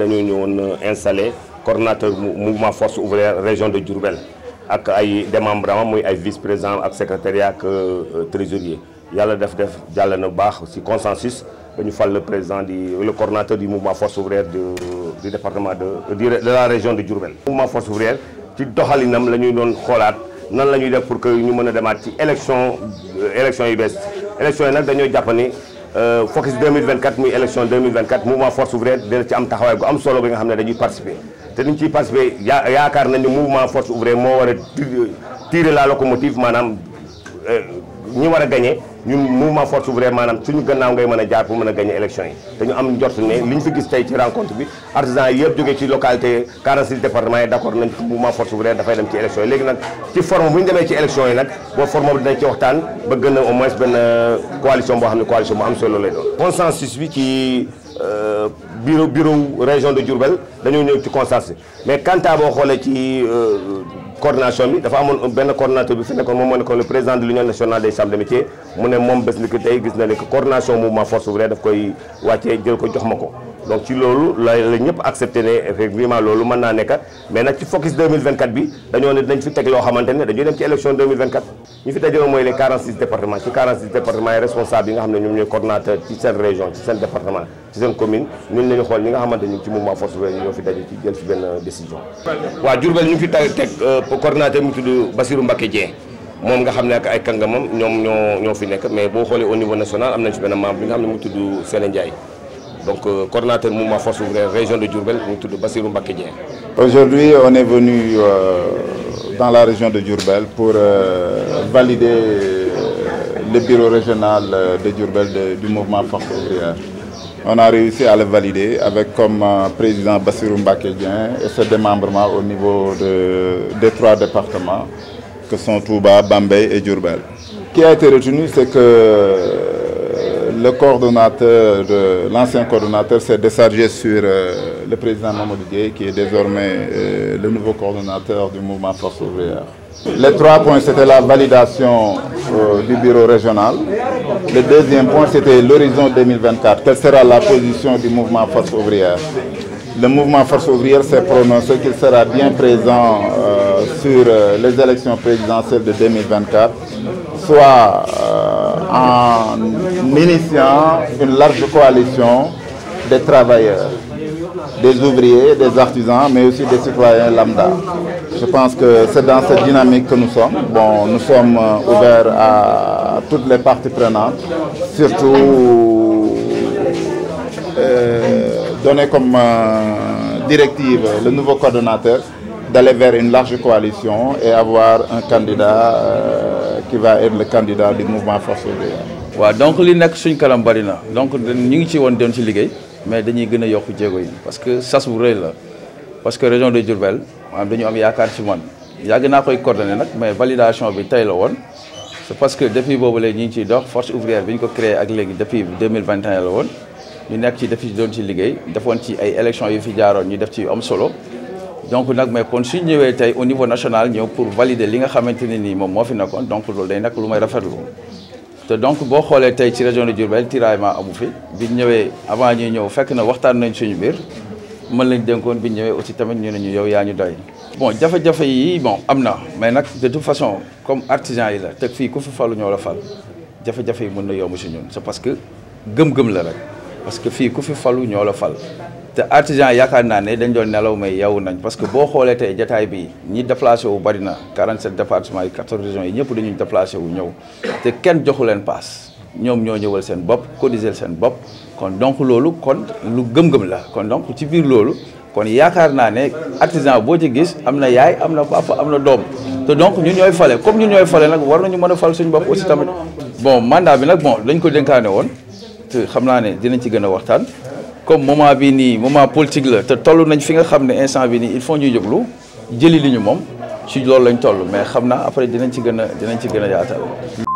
dañoo ñëwoon euh, installé cordinateur mouvement force ouvrière région de Diourbel ak ay démembrement muy ay vice président ak secrétariat ak euh, euh, trésorier yàlla def def jàll na bu baax si consensus dañu ñu fal le président di le coordonnateur du mouvement force ouvrière du département de de la région de Diourbel. mouvement force ouvrière ci doxalinam la ñuy doon xoolaat nan la ñuy def pour que ñu mën a demaat ci élection élection yu bees élection yi nag dañoo jàpp Euh, focus 2024 muy élection 2024 mouvement force ouvrière dina ci am taxawaay bu am solo bi nga xam ne dañuy participer te niñ ciy participer yaa yaakaar nañ ne mouvement force ouvrière moo war a tirer la locomotive maanaam euh, ñi war a gagné ñun mouvement force ouvrière maanaam suñu gannaaw ngay mën a jaar pour mën a gagné élection yi te am njort ne li ñu fi gis tey ci rencontre bi artisan yi yëpp jógee ci localité 46 département yi d' accord nañ mouvement force ouvrière dafay dem ci élection yi léegi nag ci forme bu ñu demee ci élection yi nag boo forme bi dinañ ci waxtaan ba gën au moins benn euh, coalition boo xam ne coalition bu am solo lay doon Euh, bureau bureau région de Diourbel dañoo ñëw ci constat mais quant à boo xoolee ci euh, coordination bi dafa amoon benn coordonnateur bi fi nekkoon moom moo nekkoon le président de l'union nationale des chambres de métiers mu ne moom bés ni ki tey gis na ne que coordination mouvement force ouvrière daf koy wàcce jël ko jox ma ko. donc ci loolu la la ñëpp accepté ne effectivement loolu mën naa nekk mais nag ci focus 2024 bi dañoo ne dañ fi teg loo xamante ne dañuy dem ci élection 2024. ñu fi dajoon mooy les 46 départements nga xam ne ñu nga xamante ni ci ñoo fi daje ci jël fi benn décision. waaw Diourbel ñu fi teg euh, coordonnateur mu tudd Bassirou Mbacké Dieng. moom nga xam ne ak ay kàngamam ñoom ñoo fi nekk mais boo xoolee au niveau national am nañ fi benn membre bi nga xam ne mu tudd Sene Ndiaye donc euh, coordonnateur Mouvement Force Ouvrière région de Diourbel mu tudd Bassirou Mbacké Dieng. Aujourd'hui, on est venu euh, dans la région de Diourbel pour euh, valider euh, le bureau régional euh, de Diourbel de, du Mouvement Force Ouvrière. On a réussi à le valider avec comme président Bassirou Mbacké Dieng et des démembrement au niveau de des trois départements que sont Touba, Bambey et Diourbel. qui a été retenu, c'est que le coordonnateur, euh, l'ancien coordonnateur s'est déchargé sur euh, le président Mamadou Gueye, qui est désormais euh, le nouveau coordonnateur du mouvement Force ouvrière. Les trois points, c'était la validation euh, du bureau régional. Le deuxième point, c'était l'horizon 2024. Quelle sera la position du mouvement Force ouvrière Le mouvement Force ouvrière s'est prononcé qu'il sera bien présent euh, sur euh, les élections présidentielles de 2024, soit en initiant une large coalition des travailleurs, des ouvriers, des artisans, mais aussi des citoyens lambda. Je pense que c'est dans cette dynamique que nous sommes. Bon, nous sommes euh, ouverts à toutes les parties prenantes, surtout euh, donner comme euh, directive le nouveau coordonnateur d'aller vers une large coalition et avoir un candidat. Euh, qui va être le candidat du mouvement Force Ouvrière. waaw donc li nekk suñ kalam bari na donc ñu ngi ci woon doon ci liggéey mais dañuy gën a yokk jéego yi parce que sas bu rëy la parce que région de Diourbel maanaam dañu am yaakaar ci man yàgg naa koy coordonné nag mais validation bi tey la woon. c'est parce que depuis boobu léegi ñu ngi ciy dox Force Ouvrière bi ñu ko créé ak léegi depuis 2021 la woon ñu nekk ci def ci doon ci liggéey defoon ci ay élections yu fi jaaroon ñu def ci am solo. donc nag mais kon su ñëwee tey au niveau national ñëw pour valider li nga xamante ne nii moom moo fi nekkoon donc loolu day nekk lu may rafetlu te donc boo xoolee tey ci région de Diourbel tiraillement amu fi biñ ñëwee avant ñuy ñëw fekk na waxtaan nañ suñu mbir mën lañ dénkoon bi ñëwee aussi tamit ñu ne ñu yow yaa ñu doy. bon jafe-jafe yi bon am na mais nag de toute façon comme artisan yi la teg fii ku fi falu ñoo la fal jafe-jafe yi mën na yomb si ñun c'est parce que gëm-gëm la rek parce que fii ku fi falu ñoo la fal. te artisan yaakaar naa ne dañ doon nelaw may yow nañ parce que boo xoolee tey jataay bi ñi déplacé wu bari na 47 département yi 14 régions yi ñëpp dañuy déplacé wu ñëw te kenn joxu leen paas ñoom ñoo ñëwal seen bopp cotiser seen bopp kon donc loolu kon lu gëm-gëm la kon donc ci biir loolu kon yaakaar naa ne artisan boo ci gis am na yaay am na papa am na doom te donc ñun ñooy fale comme ñu ñooy fale nag war nañu mën a fal suñu bopp aussi tamit bon mandat bi nag bon dañ ko dénkaane woon xam naa ne dinañ ci gën a waxtaan comme moment bi nii moment politique la te toll nañ fi nga xam ne instant bi nii il faut ñuy jóglu jëli li ñu moom ci loolu lañ toll mais xam naa après dinañ ci gën a dinañ ci gën a yaatal